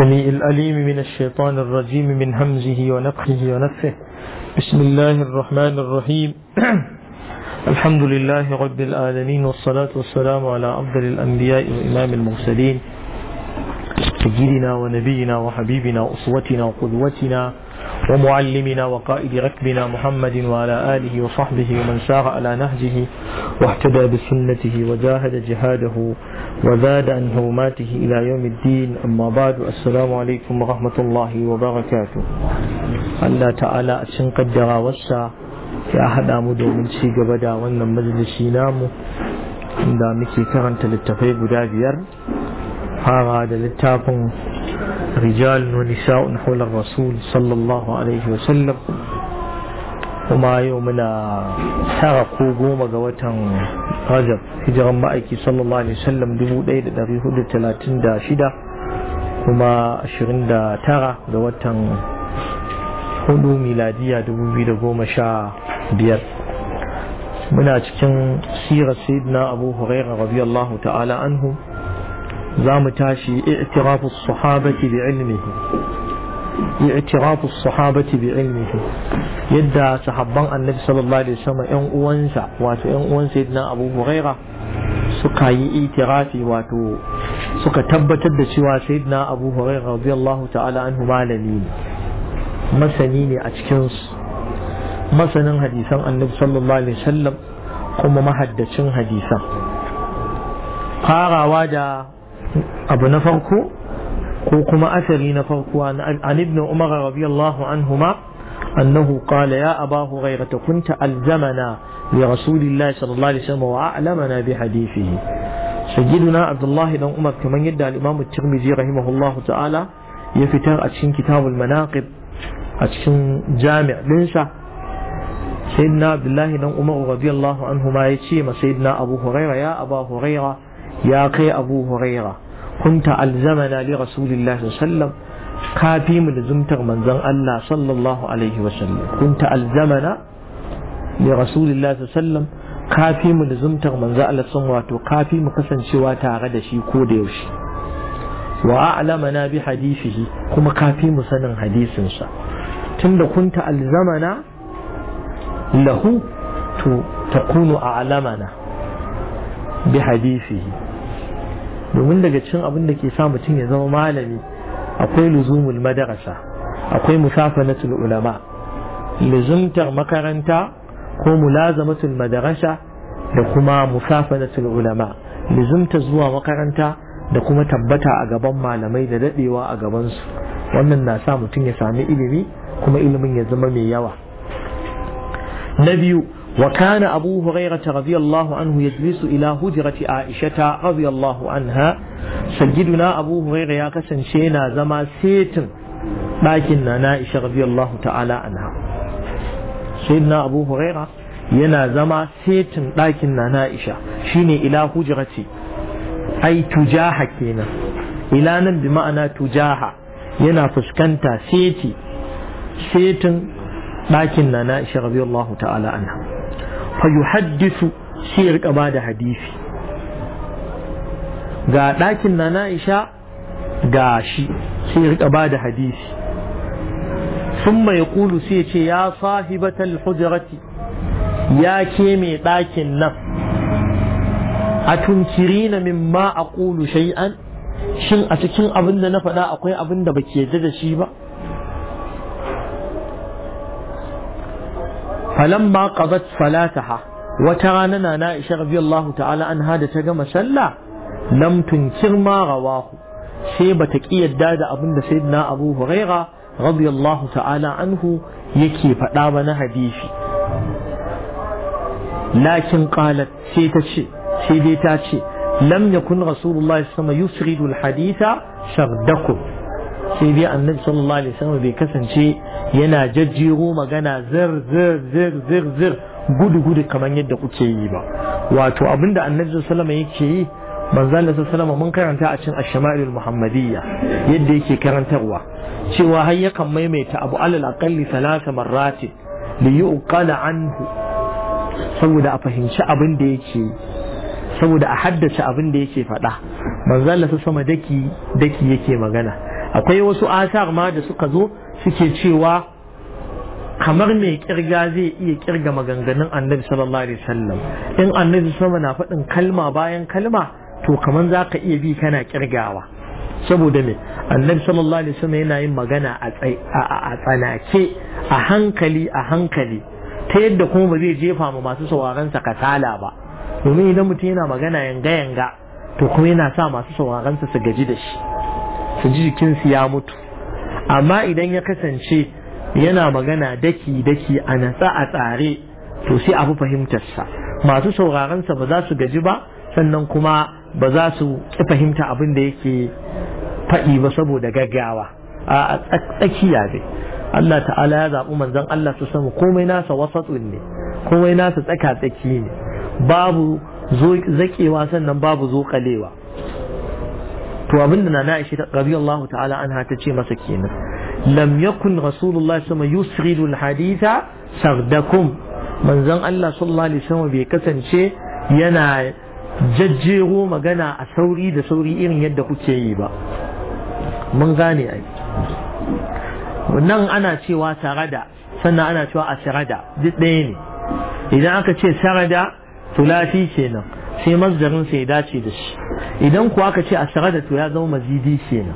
السميع الأليم من الشيطان الرجيم من همزه ونفخه ونفه بسم الله الرحمن الرحيم الحمد لله رب العالمين والصلاة والسلام على أفضل الأنبياء وإمام المرسلين سيدنا ونبينا وحبيبنا وأسوتنا وقدوتنا ومعلمنا وقائد ركبنا محمد وعلى آله وصحبه ومن سار على نهجه واهتدى بسنته وجاهد جهاده وزاد عن هوماته إلى يوم الدين أما بعد السلام عليكم ورحمة الله وبركاته الله تعالى أشن قدر وسع يا أحد أمود من شيء قبدا وأن مجلس ينام عند مكي كرنت للتفيب دابير هذا للتافن رجال ونساء حول الرسول صلى الله عليه وسلم kuma yau muna tara ko goma ga watan rajab hijiran ma'aiki sallallahu alaihi wasallam 1436 kuma 29 ga watan hudu miladiya 2015 muna cikin sirar sayyidina abu huraira radiyallahu ta'ala anhu za mu tashi i'tirafu sahabati bi ilmihi i'tirafu as-sahabati bi ilmihi yadda sahabban annabi sallallahu yan uwansa wato yan uwan sayyidina Abu Huraira suka yi itirafi wato suka tabbatar da cewa sayyidina Abu Huraira radiyallahu ta'ala anhu malami ne masani ne a cikin masanin hadisan annabi sallallahu kuma mahaddacin hadisan farawa da abu na farko ko kuma asali na farko an ibn umar radiyallahu anhuma annahu qala ya abahu ghayrata kunta alzamana li rasulillahi sallallahu alaihi wasallam wa a'lamana bi hadithihi sayyiduna abdullahi dan umar kaman yadda al-imam at-tirmidhi ta'ala ya fitar a cikin kitabul manaqib a cikin jami' dinsa sayyidina abdullahi dan umar radiyallahu anhuma yace ma sayyidina abu huraira ya aba huraira ya kai abu kunta alzamana li rasulillahi sallam ka fi mu luzumtar manzon Allah sallallahu alaihi wasallam kunta alzamana li rasulillahi sallam ka fi mu luzumtar manzon Allah sun wato ka mu kasancewa tare da shi ko da yaushe wa a'lamana bi hadisihi kuma ka mu sanin hadisinsa tunda kunta alzamana lahu to takunu a'lamana bi hadisihi domin daga cikin abin da ke sa mutum ya zama malami akwai luzumul madarasa akwai musafanatul ulama luzumtar makaranta ko mulazamatul madarasa da kuma musafanatul ulama luzumta zuwa makaranta da kuma tabbata a gaban malamai da dadewa a gabansu wannan na sa mutum ya sami ilimi kuma ilimin ya zama mai yawa na biyu وكان أبو هريرة رضي الله عنه يجلس إلى هجرة عائشة رضي الله عنها سجدنا أبو هريرة يا كسن شينا زما سيتن لكن عائشة رضي الله تعالى عنها سيدنا أبو هريرة ينا زما سيتن لكن عائشة شيني إلى هجرتي أي تجاه كينا إلى نم بمعنى تجاه ينا فسكنتا سيتي سيتن لكن عائشة رضي الله تعالى عنها fa yuhaddisu sai ya rika ba da hadisi ga ɗakin na na'isha ga shi sai ya rika ba da hadisi sun mai kulu sai ce ya sahibatal hujrati ya ke mai ɗakin nan a min ma a ƙulu shai'an shin a cikin abin da na faɗa akwai abin da baki yadda da shi ba falamma qadat salataha wata rana na na isha radiyallahu ta'ala an hada ta gama sallah lam tunkir ma rawahu sai bata ki yadda da abin da sayyidina Abu Huraira radiyallahu ta'ala anhu yake faɗa ba na hadisi lakin qalat sai ta ce sai dai ta ce lam yakun rasulullahi sallallahu alaihi wasallam yusridu alhaditha shardakum sai dai annabi sallallahu alaihi wasallam bai kasance yana jajjero magana zir zir zir zir zir gudu gudu kamar yadda kuke yi ba wato abinda annabi wasallam yake yi manzo Allah sallama mun karanta a cikin ash-shama'il muhammadiyya yadda yake karantarwa cewa har yakan maimaita abu alal aqalli thalatha marrati li yuqala anhu saboda a fahimci abin da yake saboda a haddace abin da yake faɗa manzo Allah sama daki daki yake magana akwai wasu asar ma da suka zo suke cewa kamar mai kirga zai iya kirga maganganun annabi sallallahu alaihi wasallam in annabi sama na faɗin kalma bayan kalma to kamar za ka iya bi kana kirgawa saboda me annabi sallallahu alaihi wasallam yana yin magana a tsanake a hankali a hankali ta yadda kuma ba zai jefa ma masu sauraron sa kasala ba domin idan mutum yana magana yanga yanga to kuma yana sa masu sauraron sa su gaji da shi su ji jikinsu ya mutu amma idan ya kasance yana magana daki-daki a natsa a tsare to sai abu fahimtarsa masu sauraronsa ba za su gaji ba sannan kuma ba za su ƙi fahimta abin da yake faɗi ba saboda gaggawa a tsakiya dai Allah ta'ala ya zaɓi manzon Allah su samu komai nasa wasatsun ne komai nasa tsaka-tsaki ne babu zaƙewa sannan babu zo kalewa to abinda na na ishe radiyallahu ta'ala an ta ce masa kenan lam yakun rasulullah sama yusridu alhaditha sardakum manzon Allah sallallahu alaihi wasallam bai kasance yana jajjero magana a sauri da sauri irin yadda kuke yi ba mun gane ai nan ana cewa sarada sannan ana cewa a sarada duk ɗaya ne idan aka ce sarada tulafi kenan sai masdarin sai dace da shi idan kuwa ka ce asarada to ya zama mazidi kenan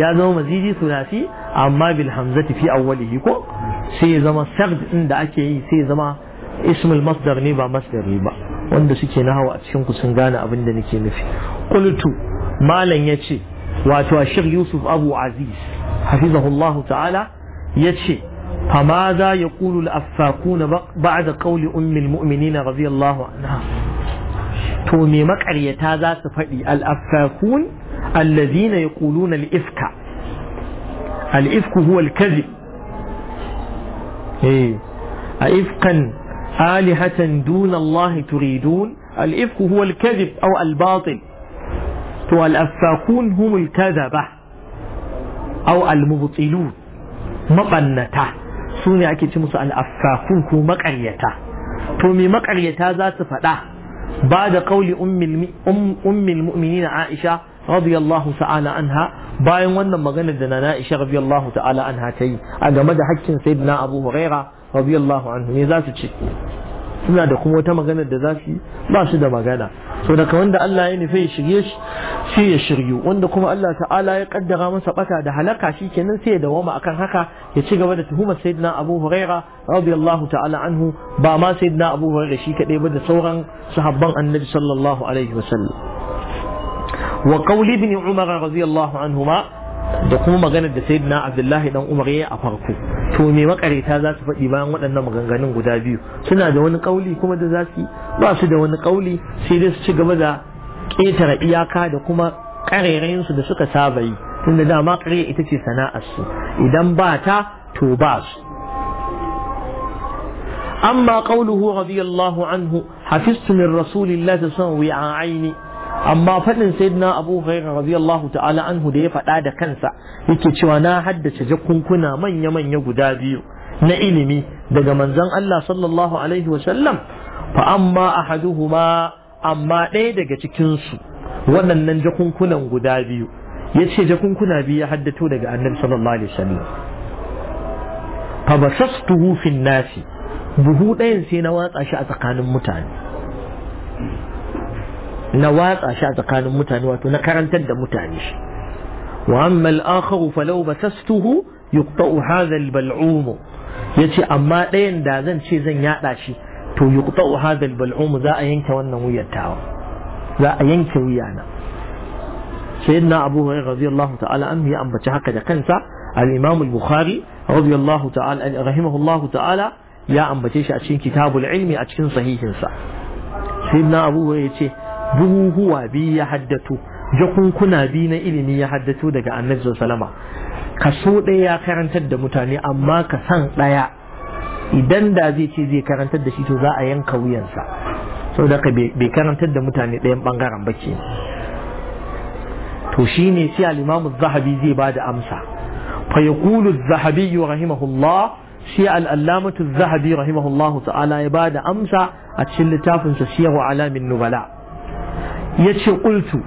ya zama mazidi sulasi amma bil hamzati fi awwalihi ko sai zama sard din da ake yi sai zama ismul masdar ne ba masdari ba wanda suke na hawa a cikin ku sun gane abin da nake nufi qultu malan yace wato ashir yusuf abu aziz hafizahullahu ta'ala yace فماذا يقول الأفاكون بعد قول أم المؤمنين رضي الله عنها to me makaryata za su faɗi al-affakun allazina yaquluna al-ifka al-ifku huwa al-kadhib eh a ifkan alihatan duna Allah turidun al-ifk huwa al-kadhib aw al-batil to al-affakun hum al-kadhaba aw al-mubtilun mabannata sune ake ce musu al-affakun ko makaryata to me makaryata za su faɗa ba da أم, الم... أم... أم المؤمنين عائشة رضي anha bayan عنها باين wannan maganar da nana Aisha radiyallahu ta'ala anha tayi a game da hakkin sayyidina Abu Huraira radiyallahu anhu ne za su ce suna da kuma wata magana da za su ba su da magana so daga wanda Allah ya nufi ya shirye shi sai ya shiryu wanda kuma Allah ta'ala ya kaddara masa bata da halaka shi kenan sai ya dawama akan haka ya ci gaba da tuhumar sayyidina Abu Huraira radiyallahu ta'ala anhu ba ma sayyidina Abu Huraira shi kadai ba da sauran sahabban Annabi sallallahu alaihi wasallam wa qawli ibn Umar radiyallahu anhuma da kuma maganar da sayyidina abdullahi dan umar ya a farko to me makareta za su faɗi bayan waɗannan maganganun guda biyu suna da wani ƙauli kuma da za su ba su da wani ƙauli. sai dai su ci gaba da ƙetare iyaka da kuma ƙarerayensu da suka saba yi tunda dama ƙarya ita ce sana'arsu idan ba ta to ba su Amma ƙauluhu radiyallahu anhu عنه حفظت من رسول الله wuya الله aini. amma faɗin sayyidina abu huraira radiyallahu ta'ala anhu da ya faɗa da kansa yake cewa na haddace jakunkuna manya-manya guda biyu na ilimi daga manzon Allah sallallahu alaihi wa sallam fa amma ahaduhuma amma ɗaya daga cikin su waɗannan jakunkunan guda biyu yace jakunkuna biyu ya haddato daga annabi sallallahu alaihi wa sallam fa basastuhu fin nasi buhu ɗayan sai na watsa shi a tsakanin mutane na watsa shi a tsakanin mutane wato na karantar da mutane shi wa amma al-akharu falau basastuhu yuqta'u hadha al-bal'um yace amma ɗayan da zan ce zan yada shi to yuqta'u hadha al-bal'um za a yanke wannan wuyar tawa za a yanke wuyana sayyidina abu hurairah radiyallahu ta'ala an ya ambaci haka da kansa al-imam al-bukhari radiyallahu ta'ala rahimahullahu ta'ala ya ambace shi a cikin kitabul ilmi a cikin sahihinsa sayyidina abu hurairah yace buhuhuwa biyu ya haddato jakunkuna biyu na ilimi ya haddato daga annabi Ka kaso ɗaya ya karantar da mutane amma ka san ɗaya idan da zai ce zai karantar da shi to za a yanka wuyansa saboda ka bai karantar da mutane ɗayan ɓangaren ba ke to ne sai Alimamu zahabi zai ba da amsa fa yaqulu az-zahabi rahimahullah shi al zahabi rahimahullahu ta'ala ya ba da amsa a cikin littafinsa siyar wa alamin nubala ya ce ƙultu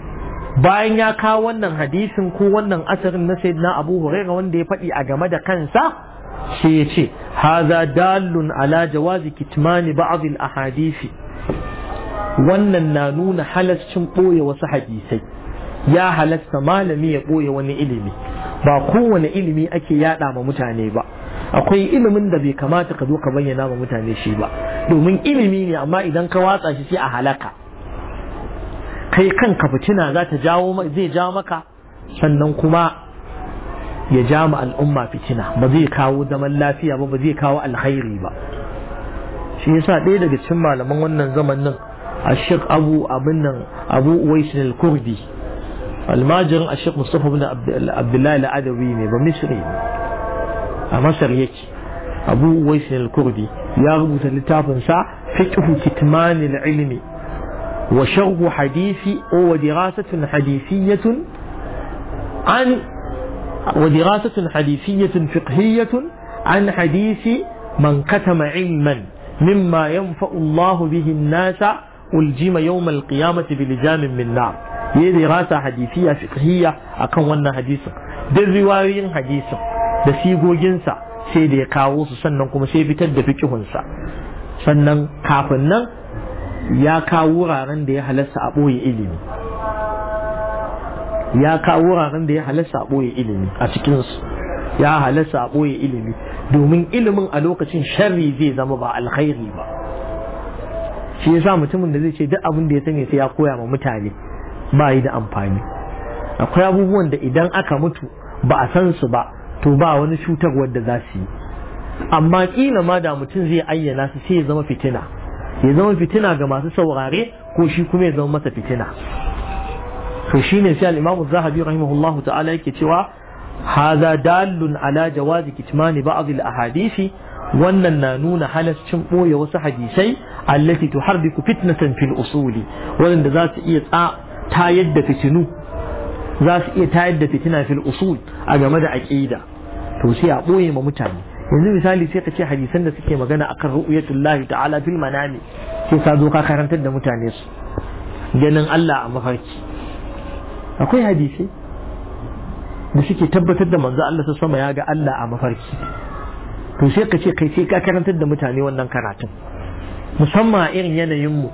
bayan ya kawo wannan hadisin ko wannan asirin na na abu hurera wanda ya faɗi a game da kansa shi ya ce haza dalun ala jawazi kitmani ba'd a hadisi. wannan na nuna halascin ɓoye wasu hadisai ya halasta malami ya ɓoye wani ilimi ba kowane ilimi ake yaɗa ma mutane ba akwai ilimin da bai kamata ka zo ka bayyana ma mutane shi ba domin ilimi ne amma idan ka watsa shi sai a halaka kai kanka fitina za ta jawo zai jawo maka sannan kuma ya ja ma al'umma fitina ba zai kawo zaman lafiya ba ba zai kawo alkhairi ba shi yasa ɗaya daga cikin malaman wannan zamanin ashik abu abin nan abu waisin al-kurdi almajirin ashik Mustapha bin abdullahi al ne ba misri a masar yake abu waisin al-kurdi ya rubuta littafinsa fiqhu kitmanil ilmi وشرح حديث ودراسة حديثية عن ودراسة حديثية فقهية عن حديث من كتم علما مما ينفع الله به الناس ألجم يوم القيامة بلجام من نار هي دراسة حديثية فقهية أكون ونا حديثا دل حديثا da جنسا سيدي da ya kawo su sannan kuma sai fitar ya kawo wuraren da ya halasta a ɓoye ilimi ya kawo wuraren da ya halasta a ɓoye ilimi a cikinsu ya halasta a ɓoye ilimi domin ilimin a lokacin sharri zai zama ba alkhairi ba shi yasa mutumin da zai ce duk abin da ya sani sai ya koya ma mutane ba yi da amfani akwai abubuwan da idan aka mutu ba a san su ba to ba wani cutarwar da za su yi amma kila ma da mutum zai ayyana su sai ya zama fitina ya zama fitina ga masu saurare ko shi kuma ya zama masa fitina to shine sai alimamu Zahabi rahimahullahu ta'ala yake cewa haza dalun ala jawazi kitmani ba'd al-ahadisi wannan na nuna halaccin boye wasu hadisai allati tuharriku fitnatan fil usuli wanda za su iya tayar da fitinu za su iya tayar da fitina fil usul a game da aqida to sai a boye ma mutane yanzu misali sai ka ce hadisan da suke magana akan lahi ta'ala fil manami sai ka zo ka karantar da mutane su ganin Allah a mafarki akwai hadisi da suke tabbatar da manzo Allah sama ya ga Allah a mafarki to sai ka ce kai sai ka karantar da mutane wannan karatun musamman a irin yanayin mu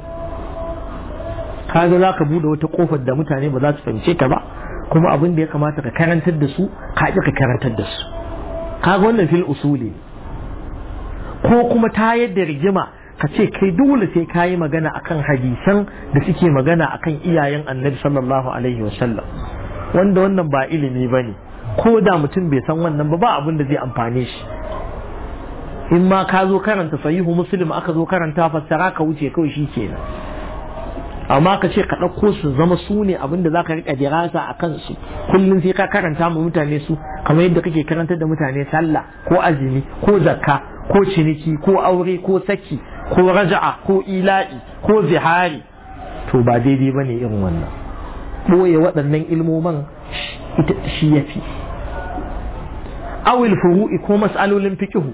zo za ka bude wata kofar da mutane ba za su fahimce ka ba kuma abin da ya kamata ka karantar da su ka ka karantar da su kaga wannan fil usuli ko kuma ta yadda rigima ka ce kai dole sai ka yi magana akan hadisan da suke magana akan iyayen annabi sallallahu alaihi wasallam wanda wannan ba ilimi ba ne ko da mutum bai san wannan ba ba abin da zai amfane shi in ma ka zo karanta sahihu muslim aka zo karanta fassara ka wuce kawai shi kenan amma ka ce ka ɗauko su zama su ne abinda za ka riƙa dirasa a kansu kullum sai ka karanta ma mutane su kamar yadda kake karantar da mutane sallah ko azumi ko zakka ko ciniki ko aure ko saki ko raja'a ko ila'i ko zihari to ba daidai ba ne irin wannan ɓoye waɗannan ilmoman shi ya fi awil furu'i ko mas'alolin fikihu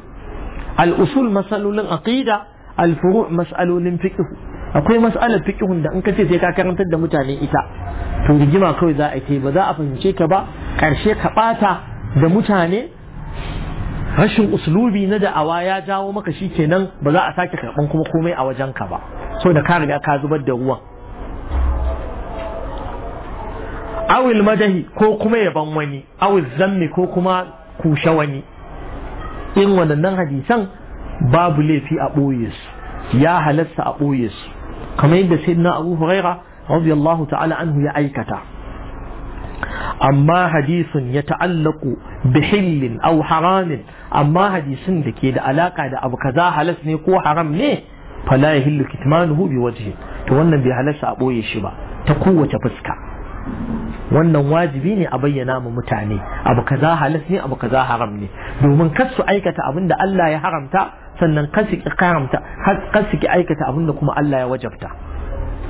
alusul mas'alolin aƙida, al-furu' mas'alolin fikihu akwai mas'alar fiqhun da in ka ce sai ka karantar da mutane ita to rigima kawai za a yi ba za a fahimce ka ba karshe ka bata da mutane rashin uslubi na da'awa ya jawo maka shi kenan ba za a sake karban kuma komai a wajen ka ba so da ka riga ka zubar da ruwan awil madahi ko kuma yaban wani awil zammi ko kuma kushe wani in waɗannan hadisan babu laifi a ɓoye ya halatta a ɓoye kamar yadda sayyidina abu huraira radiyallahu ta'ala anhu ya aikata amma hadisin ya ta'allaku bihillin au haramin amma hadisin da ke da alaka da abu kaza halas ne ko haram ne fala yahillu kitmanuhu bi wajhi to wannan bai halasta a boye shi ba ta kowace fuska wannan wajibi ne a bayyana ma mutane abu kaza halas ne abu kaza haram ne domin kar su aikata abin da Allah ya haramta sannan kasiki karamta kasiki aikata abinda kuma Allah ya wajabta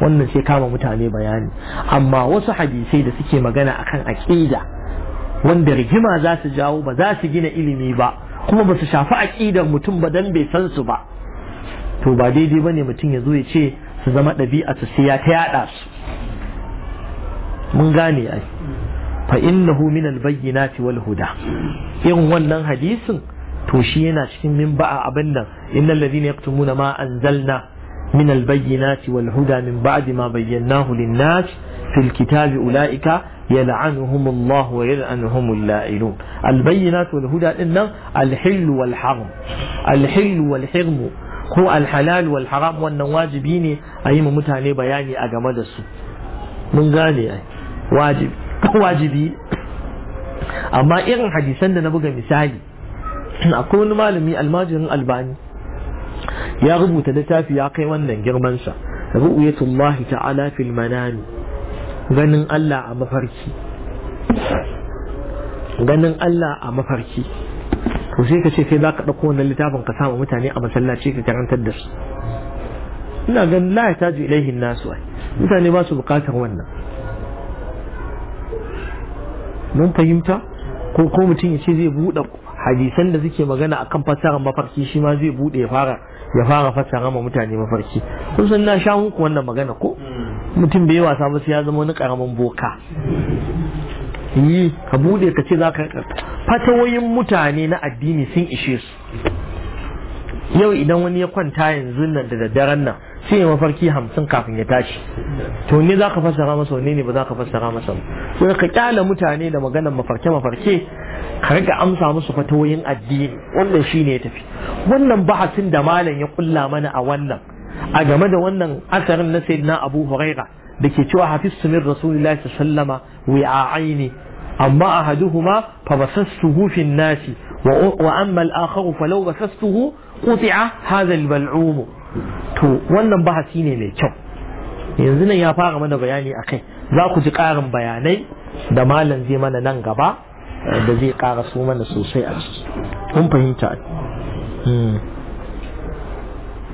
wannan sai kama mutane bayani amma wasu hadisai da suke magana akan aqida wanda rigima za su jawo ba za su gina ilimi ba kuma ba su shafi aqidar mutum ba dan bai san su ba to ba daidai bane mutum ya zo ya ce su zama ɗabi'a su sai ya ta yada su mun gane ai fa innahu min al-bayyinati wal huda irin wannan hadisin to shi yana cikin min ba'a abin nan innal ladhina yaktumuna ma anzalna min albayyinati wal huda min ba'di ma bayyanahu lin-nas fil kitabi ulaika يلعنهم الله ويلعنهم اللائلون البينات والهدى إن الحل والحرم الحل والحرم هو الحلال والحرام وأن واجبين أي متعني بياني أجمد السوء من قال واجب واجبي أما إرن حديثنا نبغى مثالي akwai wani malami almajirin albani ya rubuta littafi ya kai wannan girmansa ru'yatullahi ta'ala fil manami ganin Allah a mafarki ganin Allah a mafarki to sai ka ce sai za ka ɗauko wannan littafin ka samu mutane a masallaci ka karantar da su ina ganin la ta ji ilaihin nasu ai mutane ba su bukatar wannan mun fahimta ko ko mutum ya ce zai buɗe hadisan da suke magana akan fasara mafarki shi ma zai bude ya fara ya fara fasara ma mutane mafarki kun san na sha muku wannan magana ko hmm. mutum bai wasa ba sai ya zama wani karamin boka yi ka bude ka ce za ka fatawoyin mutane na addini sun ishe su yau idan wani ya kwanta yanzu nan da daddaren nan sai ya mafarki hamsin kafin ya tashi to ne za ka fasara masa ne ba za ka fassara masa ba sai ka kyala mutane da maganar mafarke mafarke ka riga amsa musu fatoyin addini wannan shine ya tafi wannan bahasin da malam ya kulla mana a wannan a game da wannan asarin na sayyidina Abu Huraira da ke cewa hafiztu min rasulillahi sallama wi'a'aini amma ahaduhuma fa basastuhu hufin nasi wa amma al-akhar fa law basastuhu quti'a hadha al to wannan bahasi ne mai kyau yanzu nan ya fara mana bayani akai za ku ji ƙarin bayanai da malam zai mana nan gaba da zai ƙara su mana sosai a ciki kun fahimta hmm.